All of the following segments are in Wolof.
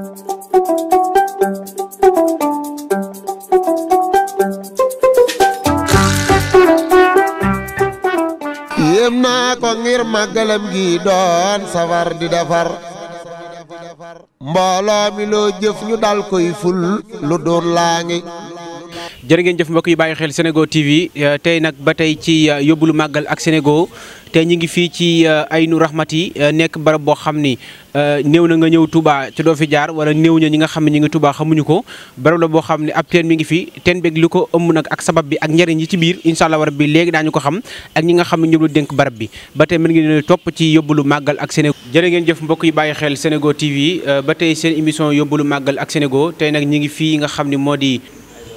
yéem naa ko ngir màggalam gi doon safar di defar mbooloo mi loo jëf ñu dal koy ful lu doon laa ngi jërë ngeen jëf mbokk yi bàyyi xel Sénégo TV euh, tey nag ba tey ci euh, yóbbulu màggal ak Sénégo tey ñu ngi fii ci euh, Aynu Rahmati nekk barab boo xam ni néew na nga ñëw Touba ci doo fi jaar wala néew na ñi nga xam ne ñu ngi Touba xamuñu ko barab boo xam ne ab teen mi ngi fi teen beeg li ko ëmb nag ak sabab bi ak njëriñ yi ci biir incha allah rabbi léegi daañu ko xam ak nga xam ne ñoom la dénk bi ba tey mën ngeen topp ci yóbbulu màggal ak Sénégo jërë ngeen jëf mbokk yi bàyyi xel Sénégo TV ba tey seen émission yóbbulu màggal ak Sénégo tey nag ñi ngi fii nga xam ni moo di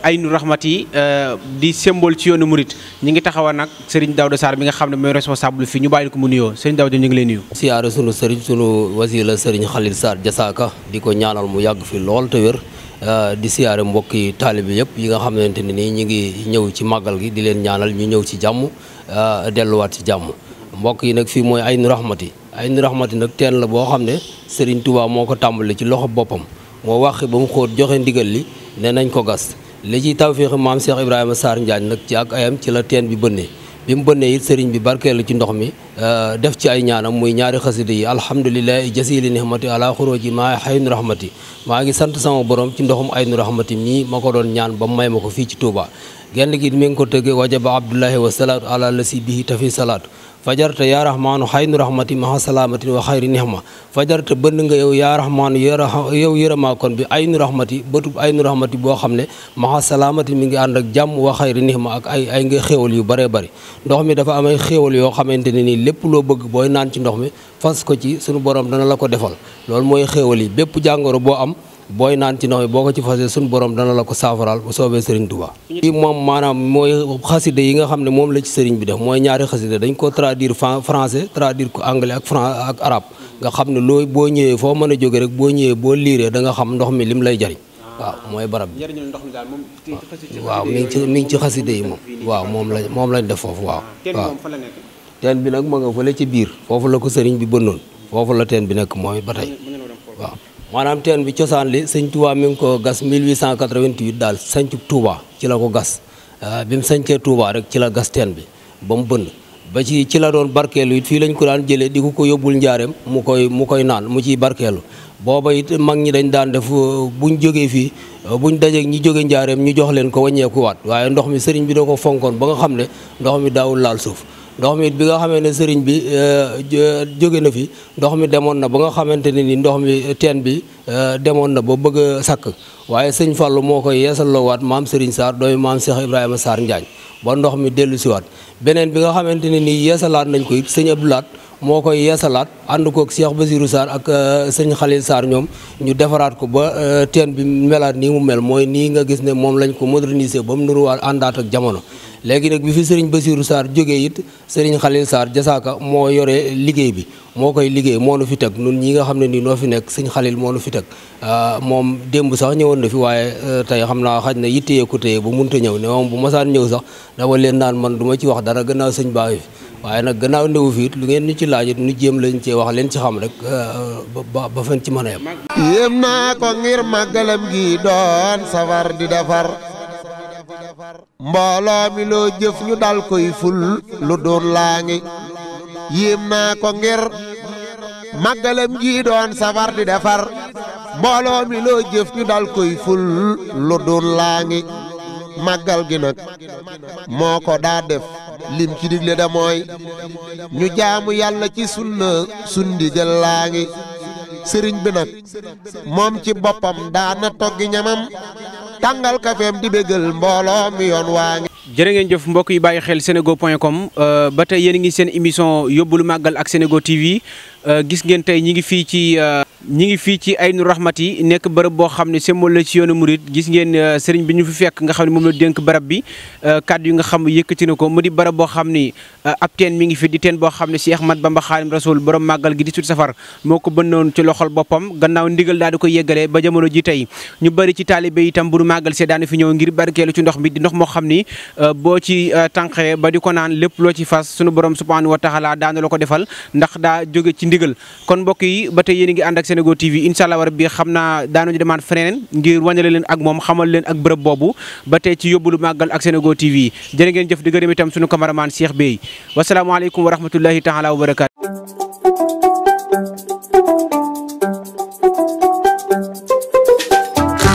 Aynu Rahmati euh, di symbole ci yoonu murit ñi ngi taxawal nag Serigne Daouda Sarr bi nga xam ne mooy responsable fii ñu bàyyi ko mu nuyoo Serigne Daouda ñu ngi lay nuyu. sunu Serigne sunu wasiir la Serigne Khalil Sarr Jasaaka di ko ñaanal mu yàgg fii lool te wér. Euh, di siyaare mbokki taalibe yëpp yi nga xamante ne nii ñu ngi ñëw ci màggal gi di leen ñaanal ñu ñëw ci jàmm euh, delluwaat ci jàmm mbokk yi nag fii mooy Aynu Rahmati Aynu Rahmati nag teen la boo xam ne Serigne Touba moo ko tàmbali ci loxo boppam moo wax ba mu xóot joxe ndigal li ne nañ ko gas li ci tawféexu maam Cheikh Ibrahima saar Njaañ nag ci ak ayam ci la teen bi bënnee bi mu bënnee it sëriñ bi barkeelu ci ndox mi euh, def ci ay ñaanam muy ñaari xasida yi alhamdulilahi jasili nihmati ala xuróoji maa xaynu rahmati maa ngi sant sama borom ci ndoxum aynu rahmati mii ma ko doon ñaan ba mu may ma ko fii ci Touba genn gi mi ngi ko tëggee wajaba abdullahi wa salaatu ala bii bihi tafi salaatu fajarta yaa rahmaanu xaynu rahmati maha salaamatin wa xayri nihma fajarta bënn nga yow yaa rahmaanu yow yërëmaakon bi aynu rahmati bëtub aynu rahmati boo xam ne maha salaamatin mi ngi ànd ak jàmm wa xayri ma ak ay ay nga xéewal yu bëree bëri ndox mi dafa amay xéewal yoo xamante ne nii lépp loo bëgg booy naan ci ndox mi fas ko ci suñu borom dana la ko defal loolu mooy xéewal yi bépp jàngoro boo am booy naan ci ndox mi boo ko ci fasee suñu borom dana la ko saafaraal bu soobee Serigne Touba. lii moom maanaam mooy xasida yi nga xam ne moom la ci Serigne bi def mooy ñaari xasida dañ ko traduire français traduire ko anglais ak fran ak arabe nga xam ne loo boo ñëwee foo mën a jóge rek boo ñëwee boo liiree da nga xam ndox mi lim lay jariñ waaw mooy barab bi waaw mi ci mi ngi ci xasida yi moom waaw moom la moom lañ def foofu waaw waaw bi nag ma nga ci biir foofu la ko Serigne bi bënnoon foofu la teen bi nekk mooy ba tey waaw maanaam teen bi cosaan li sëñ Touba mi ngi ko gas 1888 daal sanc Touba ci la ko gas ah, bi mu sancee Touba rek ci la gas teen bi ba mu bënn ba ci ci la doon barkeelu it fii lañ ko daan jëlee di ko ko yóbbul njaareem mu koy mu koy naan mu ciy barkeelu booba it mag ñi dañ daan def bu buñ jógee fii buñ dajeeg ñi jóge njaareem ñu jox leen ko wàññeekuwaat waaye ndox mi sëriñ bi da ko fonkoon ba nga xam ne ndox mi daawul laal suuf ndox mi bi nga xamee ne sëriñ bi euh, jóge na fi ndox mi demoon na ba nga xamante ne ni ndox mi teen bi euh, demoon na ba bëgg sàkk waaye sëñ Fallou moo koy yeesaloowaat maam sëriñ Sarr doomi maam Cheikh Ibrahima saar Njaañ ba ndox mi dellu siwaat beneen bi nga xamante ne nii yeesalaat nañ ko it sëñ Abdoulaat moo koy yeesalaat ànd koog Cheikh Basirou Sarr ak euh, sëñ Khalil saar ñoom ñu defaraat ko ba teen bi melaat nii mu mel mooy nii nga gis ne moom lañ ko moderniser ba mu nuruwaat àndaat ak jamono léegi nag bi fi sëriñ Basiirou Sarr jógee it sëriñ Khalil Sarr jasaaka moo yore liggéey bi moo koy liggéey moo nu fi teg nun ñi xam ne nii noo fi nekk sëñ Khalil moo nu fi teg ah, moom démb sax ñëwoon na fi waaye euh, tey xam naa xaj na yittee ko téye ba munta ñëw ne moom bu masaan ñëw sax dama leen naan man du ma ci wax dara gannaaw sëñ baa fi waaye nag gannaaw ndewu fi it lu ngeen ñu ci laajit nu jéem lañ cee wax leen ci xam rek euh, ba ba fen ci mën a yem yéem naa ko ngir màggalam gi doon safar di defar mbooloo mi loo jëf ñu dal koy ful lu doon laa ngi yéem naa ko ngir màggalam gii doon safar di defar mbooloo mi loo jëf ñu dal koy ful lu doon laa ngi màggal gi nag moo ko daa def lim ci digle da ñu jaamu yàlla ci sunna sundigal laa ngi sëriñ bi nag moom ci boppam daana toggi ñamam tàngal kafeem di bégal mbooloo mi yoon waa ngi. jërë ngeen jëf mbokk yi bàyyi xel senego point com euh, ba tey yéen a ngi seen émission yóbbul màggal ak senego TV euh, gis ngeen tey ñi ngi fii ci. Euh, ñi ngi fii ci Aynu Rahmati nekk bërëb boo xam ne semmool la ci yoonu murit gis ngeen euh, sëriñ bi ñu fi fekk nga xam ne moom la dénk barab bi euh, kàddu yi nga xam yëkkati na ko mu di barab boo xam ni euh, ab teen mi ngi fi di teen boo xam ne si Ahmad Bamba Xaadim Rasul borom màggal gi di sut safar moo ko bënnoon ci loxol boppam gannaaw ndigal daal di ko yeggalee ba jamono ji tey ñu bëri ci taalibe itam bu nu màggal see daana fi ñëw ngir barkeelu ci ndox mi di moo xam ni boo ci tànqee ba di ko naan lépp loo ci fas sunu borom subhanahu wa taala daana la ko defal ndax daa jóge ci ndigal Sénégo TV incha allah rabbi xam naa daanuñu ngir wàññale leen ak moom xamal leen ak bërëb boobu ba tey ci yóbbalu màggal ak Sénégo TV jërë ngeen jëf di gërëm itam suñu cameraman Cheikh Bey wasalaamaaleykum wa rahmatullahi taala wa barakaatu